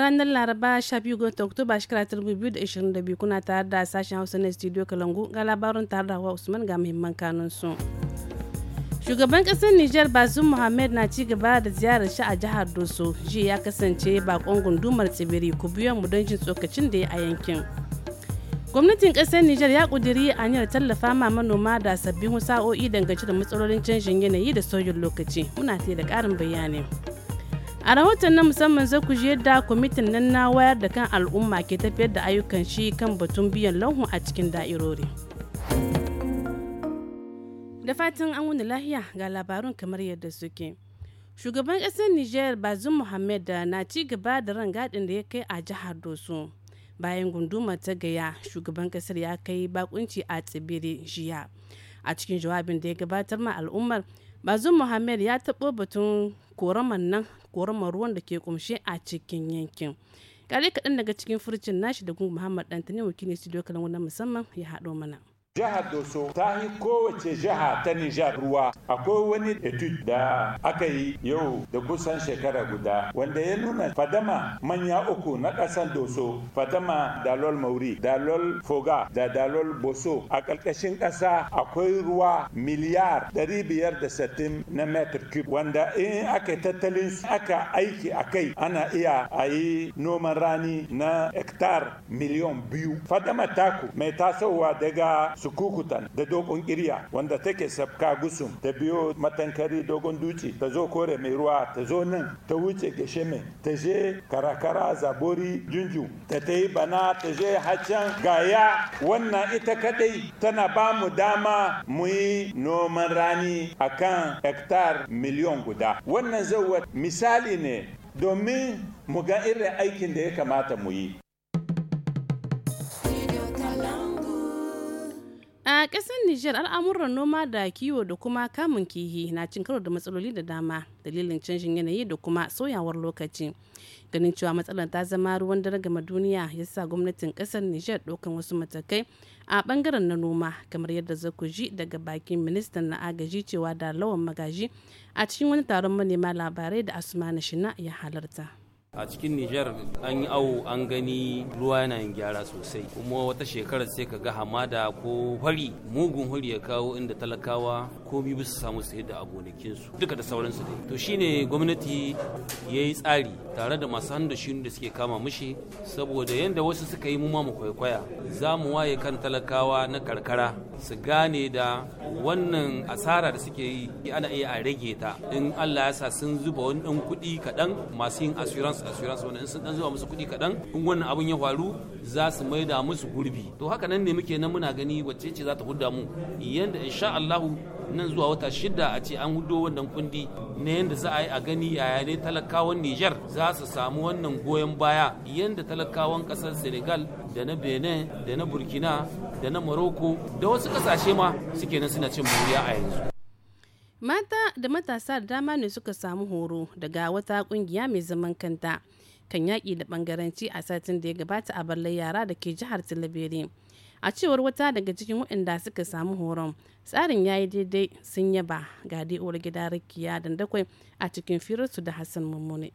ranar laraba 12 ga oktoba shekara 2022 kuna tare da sashen hausa na studio kalangu ga labarin tare da usman ga muhimman kanun su shugaban kasar Nijar Basu muhammad na ci gaba da ziyarar shi a jihar doso ji ya kasance bakon gundumar tsibiri ku biyo mu don jin tsokacin da ya a yankin gwamnatin kasar Nijar ya kudiri aniyar tallafa ma manoma da sabbin wasa'o'i dangance da matsalolin canjin yanayi da sauyin lokaci muna da karin bayani. a rahoton na musamman zai ku yadda kwamitin nan na wayar da kan al'umma ke tafiyar da ayyukan shi kan batun biyan lauhun a cikin da'irori da fatan an wuni lahiya ga labarun kamar yadda suke shugaban ƙasar niger bazum muhammad na ci gaba da rangadin da ya kai a jihar doso bayan Gunduma ta gaya shugaban ƙasar ya kai bakunci a tsibiri jiya a cikin jawabin da ya gabatar ma al'ummar bazum muhammad ya taɓo batun koraman nan korama ruwan da ke kumshe a cikin yankin kare kaɗan daga cikin furcin nashi da gungun muhammad dantani wakilin studio kalangu na musamman ya haɗo mana Jihar Doso ta yi kowace jiha ta Nijar ruwa. Akwai wani etude da aka yi yau da kusan shekara guda wanda ya nuna fadama manya uku na ƙasar Doso, fadama Dalol Mauri, Dalol Foga da Dalol Boso a ƙarƙashin ƙasa akwai ruwa miliyar 560 na metric cube wanda in aka tattalin aka aiki a kai ana iya a yi noman rani na hektar miliyan biyu. Fadama taku mai tasowa daga Su kukutan, da dogon kirya wanda take sabka gusum ta biyo matankari dogon duci ta zo kore mai ruwa ta zo nan ta wuce gesheme ta je karakara zabori junju ta ta yi bana ta je haccan gaya wannan ita kadai tana ba mu dama mu yi noman rani a kan hektar miliyon guda wannan zauwa misali ne domin mu ga irin aikin da ya kamata mu yi kasar Nijar al'amuran noma da kiwo da kuma kamun kihi na cin karo da matsaloli da dama dalilin canjin yanayi da kuma soyawar lokaci. Ganin cewa matsalar ta zama ruwan dare gama duniya ya sa gwamnatin ƙasar Nijar ɗaukan wasu matakai a ɓangaren na noma kamar yadda zaku ji daga bakin ministan na agaji cewa da lawan magaji a cikin wani taron manema labarai da Asuma Shina ya halarta. a cikin nijar an yi awo an gani ruwa yana yin gyara sosai kuma wata shekarar sai ka ga hamada ko fari mugun huri ya kawo inda talakawa komi bisa samu su da a gonakinsu duka da sauransu dai to shine gwamnati ya yi tsari tare da masu hannu da da suke kama mushi saboda yadda wasu suka yi muma mu kwaikwaya za mu waye kan talakawa na karkara su gane da wannan asara da suke yi ana iya a rage ta in allah ya sa sun zuba wani ɗan kuɗi kaɗan masu yin assurance su assurance wannan in sun dan zuwa musu kuɗi kaɗan in wannan abun ya faru za su maida musu gurbi to haka nan ne muke nan muna gani wacce ce za ta hudda mu yanda insha Allahu nan zuwa wata shida a ce an hudo wannan kundi na yanda za a yi a gani yaya ne talakawan Nijar za su samu wannan goyon baya yanda talakawan ƙasar Senegal da na Benin da na Burkina da na Morocco da wasu ƙasashe ma suke nan suna cin moriya a yanzu mata da matasa da dama ne suka samu horo daga wata kungiya mai zaman kanta kan yaƙi da ɓangaranci a satin da ya gabata a ballar yara da ke jihar talabere a cewar wata daga cikin waɗanda suka samu horon tsarin ya yi daidai sun yaba ga gida rakiya dandakwai a cikin firarsu da hassan mummuni.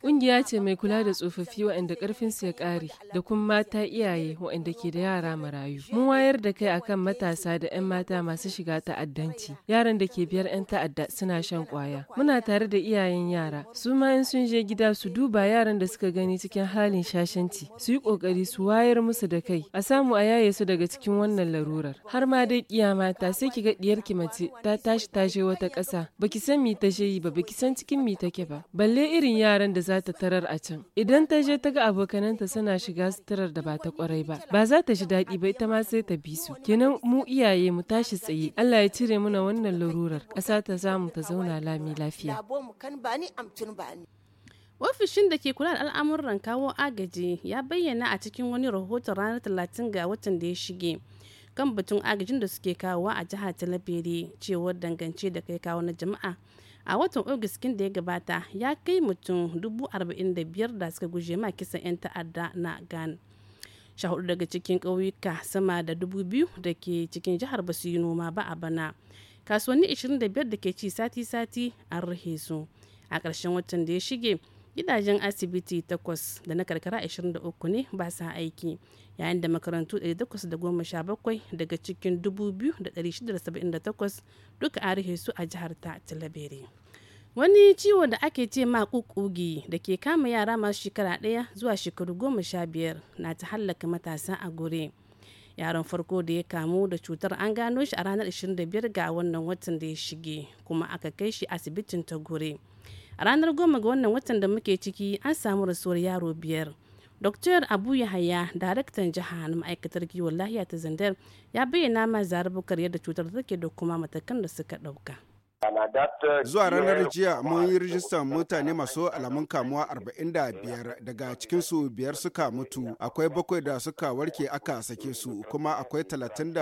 Kungiya ce mai kula da tsofaffi waɗanda ƙarfinsu ya ƙare da kuma mata iyaye waɗanda ke da yara marayu. Mun wayar da kai akan matasa da 'yan mata masu shiga ta'addanci. Yaran da ke biyar 'yan ta'adda suna shan ƙwaya. Muna tare da iyayen yara. Su ma in sun je gida su duba yaran da suka gani cikin halin shashanci. Su yi ƙoƙari su wayar musu da kai. A samu a yaye su daga cikin wannan larurar. Har ma dai kiyama ta sai ki ga ɗiyarki mace ta tashi ta je wata ƙasa. Baki san me ta je yi ba baki san cikin mi take ba balle irin yaran da za ta tarar a can idan ta je ta ga abokananta suna shiga suturar da ba ta kwarai ba ba za ta ji daɗi ba ita ma sai ta bi su kenan mu iyaye mu tashi tsaye Allah ya cire muna wannan larurar ƙasa ta zamu ta zauna lami lafiya Ofishin da ke kula da al'amuran kawo agaji ya bayyana a cikin wani rahoton ranar talatin ga watan da ya shige. kan batun agajin da suke kawo a jihar talabere cewar dangance da kai kawo na jama'a a watan august kin da ya gabata ya kai mutum 45,000 da suka guje ma kisan 'yan ta'adda na ghana sha hudu daga cikin ƙauyuka sama da dubu biyu da ke cikin jihar ba su yi noma ba a bana kasuwanni 25 da ke ci sati-sati an rahe su a ƙarshen watan da ya shige gidajen asibiti takwas da na karkara 23 ne ba sa aiki yayin da makarantu 817 daga cikin 2,678 duka a rihe su a jihar ta talabere wani ciwo da ake ce ma kukugi da ke kama yara masu shekara ɗaya zuwa shekaru 15 na ta hallaka matasa a gore yaron farko da ya kamu da cutar an gano shi a ranar 25 ga wannan watan da ya shige kuma aka kai shi asibitin ta gore a ranar goma ga wannan watan da muke ciki an samu rasuwar yaro biyar Dr. Abu Yahaya, daraktan jiha na ma'aikatar kiwon lahiya ta Zandar, ya bayyana ma zarubukar yadda cutar take da kuma matakan da suka ɗauka. Zuwa ranar jiya mun yi rijistar mutane masu alamun kamuwa 45 daga cikinsu biyar suka mutu akwai bakwai da suka warke aka sake su kuma akwai 33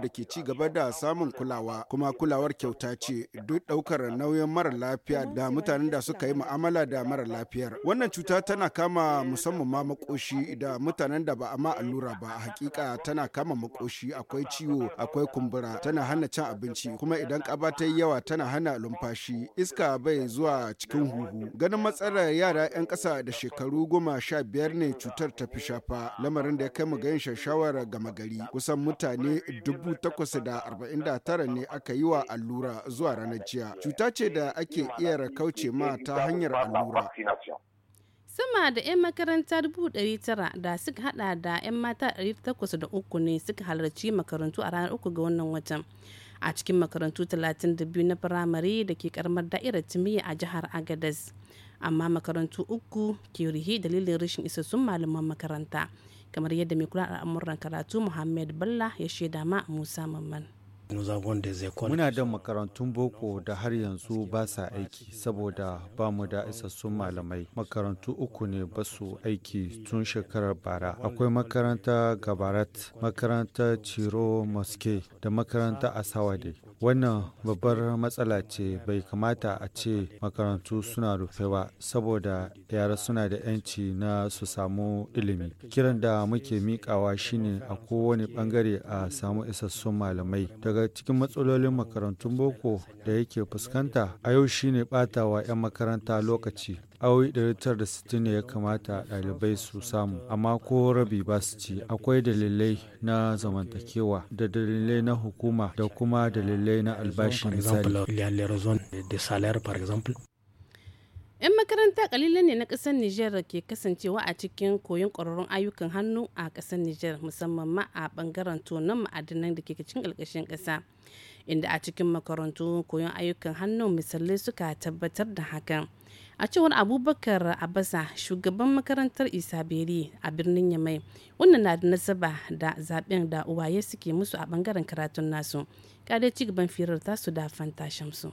da ke ci gaba da samun kulawa kuma kulawar kyauta ce duk daukar nauyin mara lafiya da mutanen da suka yi mu'amala da mara lafiyar. Wannan cuta tana kama musamman ma makoshi da mutanen da ba a ma allura ba a hakika tana kama makoshi akwai ciwo akwai kumbura tana hana cin abinci kuma idan kaba ta yi yawa tana yana hana lumfashi iska bai zuwa cikin huhu ganin matsalar yara 'yan kasa da shekaru goma sha biyar ne cutar ta fi shafa lamarin da ya kai mu ga yin shawara gama gari kusan mutane dubu takwas da arba'in da tara ne aka yi wa allura zuwa ranar jiya cuta ce da ake iya kauce ma ta hanyar allura sama da 'yan makaranta 900 da suka hada da 'yan mata 803 ne suka halarci makarantu a ranar uku ga wannan watan a cikin makarantu 32 na firamare da ke karamar da'irar timiya a jihar agadez amma makarantu uku ke rihi dalilin rashin isassun malaman makaranta kamar yadda mai kula al'amuran karatu muhammad balla ya shaida ma musa mamman Muna da makarantun boko da har yanzu ba sa aiki saboda ba mu da isassun malamai. Makarantu uku ne ba su aiki tun shekarar bara. Akwai makaranta Gabarat, makaranta Ciro Moske da makaranta Asawade. Wannan babbar matsala ce bai kamata a ce makarantu suna rufe ba saboda yara suna da 'yanci na su samu ilimi. Kiran da muke mikawa shine a kowane bangare a samu isassun malamai. Daga cikin matsalolin makarantun boko da yake fuskanta a yau shine batawa 'yan makaranta lokaci awi 160 ne ya kamata ɗalibai su samu amma ko rabi ba su ci akwai dalilai na zamantakewa da dalilai na hukuma da kuma dalilai na albashi 'yan makaranta kalilan ne na kasar Nijar ke kasancewa a cikin koyon ƙwararrun ayyukan hannu a kasar Nijar musamman ma a bangaren tonon ma'adinan da ke cikin ƙarƙashin ƙasa inda a cikin makarantu koyon ayyukan hannu misalai suka tabbatar da hakan. a cewar abubakar abasa shugaban makarantar isa beri a birnin yamai wannan na da nasaba da zaben da uwaye suke musu a bangaren karatun nasu kada ci gaban firar tasu da fanta shamsu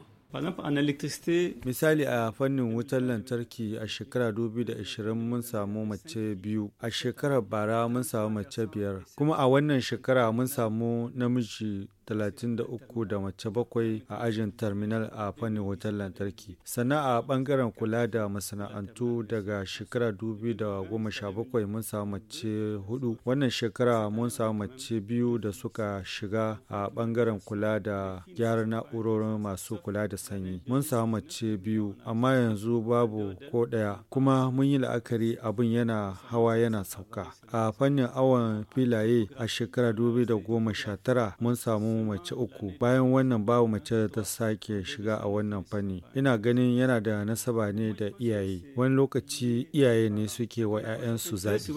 misali a fannin wutar lantarki a shekara 2020 mun samu mace biyu a shekarar bara mun samu mace biyar kuma a wannan shekara mun samu namiji 33 da mace bakwai a ajin terminal a fannin hotel lantarki. Sannan a bangaren kula da masana'antu daga shekara 2017 mun samu mace hudu. Wannan shekara mun samu mace biyu da suka shiga a bangaren kula da gyara na'urorin masu kula da sanyi. Mun samu mace biyu amma yanzu babu ko daya kuma mun yi la'akari abin yana hawa yana sauka. A fannin awon filaye a shekara 2019 mun samu mace uku bayan wannan babu mace da ta sake shiga a wannan fanni ina ganin yana da nasaba ne da iyaye wani lokaci iyaye ne suke wa 'ya'yansu zaɓi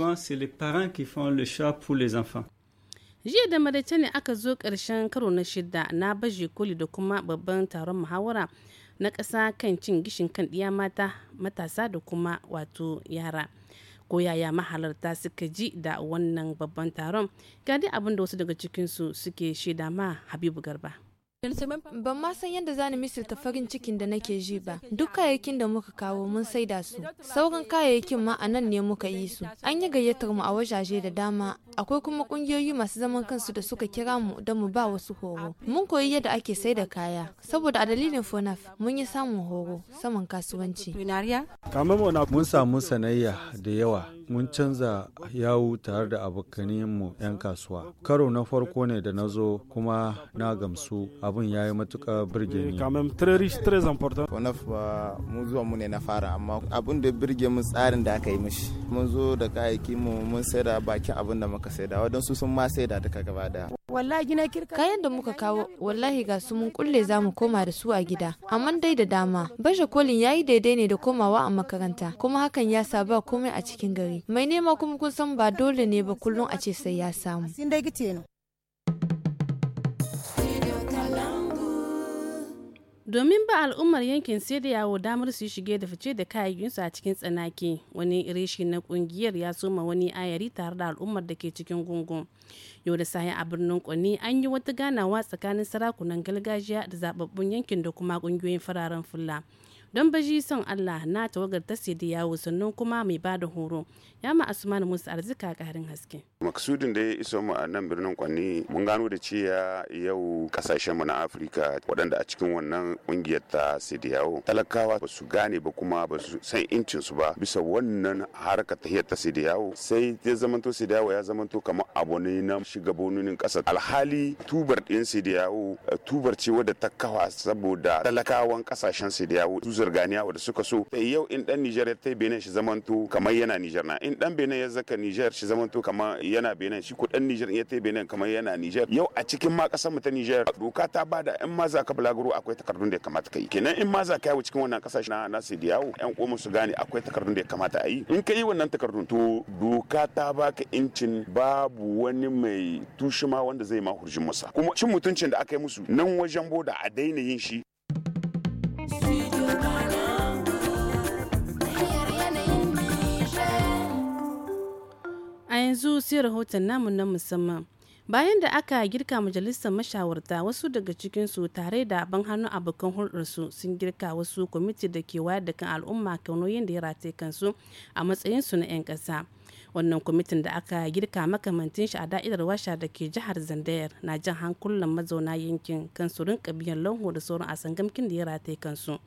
jiya da madace ne aka zo ƙarshen karo na shida na baje koli da kuma babban taron muhawara na ƙasa kan cin gishin kan ɗiya mata matasa da kuma wato yara ko yaya mahalarta suka ji da wannan babban taron ga dai abin da wasu daga cikinsu suke shaida ma habibu garba Ban ma san yadda zani misir ta farin cikin da nake ji ba. Duk kayayyakin da muka kawo mun saida su. Sauran kayayyakin ma a nan ne muka yi su. An yi gayyatar mu a wajaje da dama. Akwai kuma kungiyoyi masu zaman kansu da suka kira mu don mu ba wasu horo. Mun koyi yadda ake sai da kaya. Saboda a dalilin FONAF mun yi samun horo saman kasuwanci. Mun samu sanayya da yawa mun canza yawu tare da abokaninmu 'yan kasuwa karo na farko ne da na zo kuma na gamsu abin ya yi matuƙar birge mu zuwa mu ne na fara amma abin da birge mu tsarin da aka yi mishi mun zo da kayayyaki mu mun sai da bakin abin da muka sai da wadansu sun ma sai da duka gaba daya wallahi na kayan da muka kawo wallahi ga su mun kulle za mu koma da su a gida amma dai da dama Basha kolin yayi daidai ne da komawa a makaranta kuma hakan ya sa ba komai a cikin gari mai nema kuma kun san ba dole ne ba kullum a ce sai ya samu domin ba al'ummar yankin sai da yawo damar su shige da fice da kayayyinsu a cikin tsanaki wani reshi na kungiyar ya soma wani ayari tare da al'ummar da ke cikin gungun yau da sayan a birnin kwani an yi wata ganawa tsakanin sarakunan gargajiya da zababbun yankin da kuma kungiyoyin fararen fulla don baji son Allah na tawagar ta da yawo sannan kuma mai ba da horo ya ma Asman Musa arzika karin haske. Maksudin da ya iso mu a nan birnin Kwanni mun gano da cewa yau kasashen mu na Afirka waɗanda a cikin wannan kungiyar ta yawo talakawa ba su gane ba kuma ba su san incin su ba bisa wannan harkar tahiyar ta yawo sai ya zamanto yawo ya zamanto kamar abu ne na shigabonin ƙasa alhali tubar ɗin yawo eh, tubar ce wadda ta kawa saboda talakawan kasashen yawo. zirganiya wadda suka so eh, yau in dan Nijar ya tai Benin shi zamanto kamar yana Nijar na in dan Benin ya zaka Nijar shi zamanto kamar yana Benin shi ko dan Nijar ya tai Benin kamar yana Nijar yau a cikin ma kasar mu ta Nijar doka ta bada in ma za ka bulaguro akwai takardun da ya kamata kai kenan in ma za ka yawo cikin wannan kasashe na na sai yawo yan koma su gane akwai takardun da ya kamata a yi in ka yi wannan takardun to doka ta baka incin babu wani mai tushima wanda zai ma hurjin masa kuma cin mutuncin da aka yi musu nan wajen boda a daina yin shi. A yanzu sai rahoton namu na musamman. Bayan da aka girka majalisar mashawarta wasu daga cikinsu tare da ban hannu abokan hulɗarsu sun girka wasu kwamiti da ke wayar da kan al'umma kaunoyin da ya rataye kansu a matsayinsu na 'yan ƙasa. wannan kwamitin da aka girka makamantin shi a da'idar washa da ke jihar zandayar na jan hankulan mazauna yankin kan su rinka biyan lanho da sauran a sangamkin da ya rataye kansu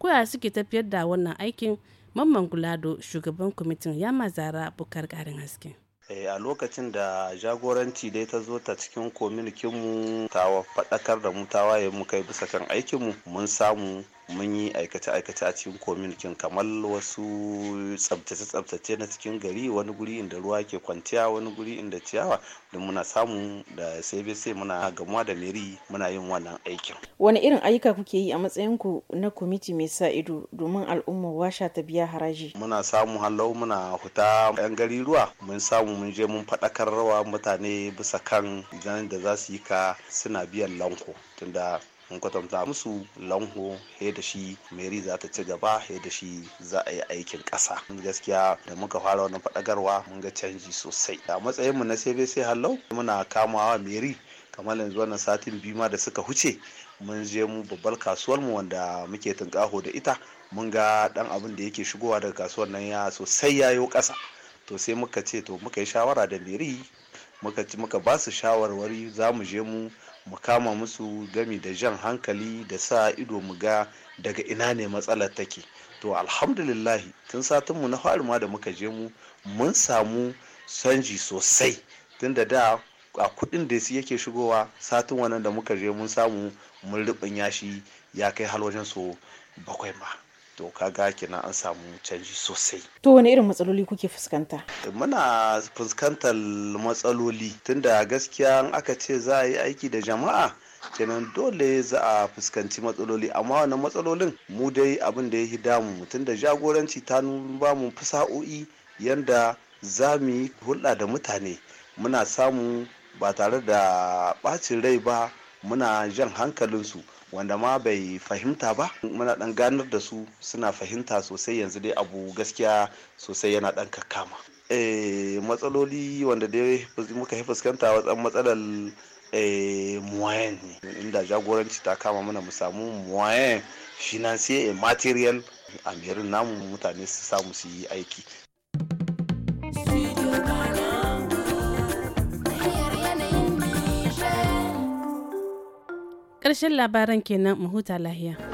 koya suke tafiyar da wannan aikin mamman gulado shugaban kwamitin ya mazara bukar karin haske eh, a lokacin da jagoranci dai ta zo ta cikin kominikinmu ta faɗakar da mu ta waye mu kai bisa kan aikinmu mun samu mun yi aikace-aikace a cikin kominikin kamar wasu tsabtace-tsabtace na cikin gari wani guri inda ruwa ke kwanciya wani guri inda ciyawa don muna samu da sai muna gamuwa da meri muna yin wannan aikin wani irin ayyuka kuke yi a matsayin ku na kwamiti mai sa ido domin al'ummar washa ta biya haraji muna samu halau muna huta yan gari ruwa mun samu mun je mun faɗakar rawa mutane bisa kan idan da za su yi ka suna biyan lanko tunda Mun kwatanta musu lanho he da shi Mary za ta ci gaba he da shi za a yi aikin ƙasa gaskiya da muka fara wannan faɗakarwa mun ga canji sosai a matsayin mu na sai sai hallau muna kamawa Mary. kamar yanzu wannan satin biyu ma da suka huce mun je mu babbar kasuwar mu wanda muke tunƙaho da ita mun ga dan abin da yake shigowa daga kasuwar nan ya sosai ya yayo ƙasa to sai muka ce to muka yi shawara da Mary. muka ci muka ba su shawarwari za mu je mu mu kama musu gami da jan hankali da sa ido mu ga daga ina ne matsalar take to alhamdulillah tun satinmu na fari ma da muka je mu mun samu sanji sosai tun da da a kudin da su yake shigowa satin wannan da muka je mun samu mun rubin yashi ya kai halwajen so bakwai ma to kaga kenan an samu canji sosai to wani irin matsaloli kuke fuskanta muna fuskantar matsaloli tunda gaskiya aka ce za a yi aiki da jama'a kenan dole za a fuskanci matsaloli amma wannan matsalolin mu dai abin da ya yi damu mutum da jagoranci ta ba mu fasa'o'i yanda za mu yi hulɗa da mutane muna samu ba tare da ɓacin rai ba muna jan hankalinsu wanda ma bai fahimta ba muna dan ganar da su suna fahimta sosai yanzu dai abu gaskiya sosai yana dan kakkama eh, matsaloli wanda dai muka yi fuskanta watsan matsalar eh, moyen ne inda jagoranci ta kama mana mu samu moyen financier material a namu mutane su samu su yi aiki ƙarshen labaran kenan mu huta lahiya.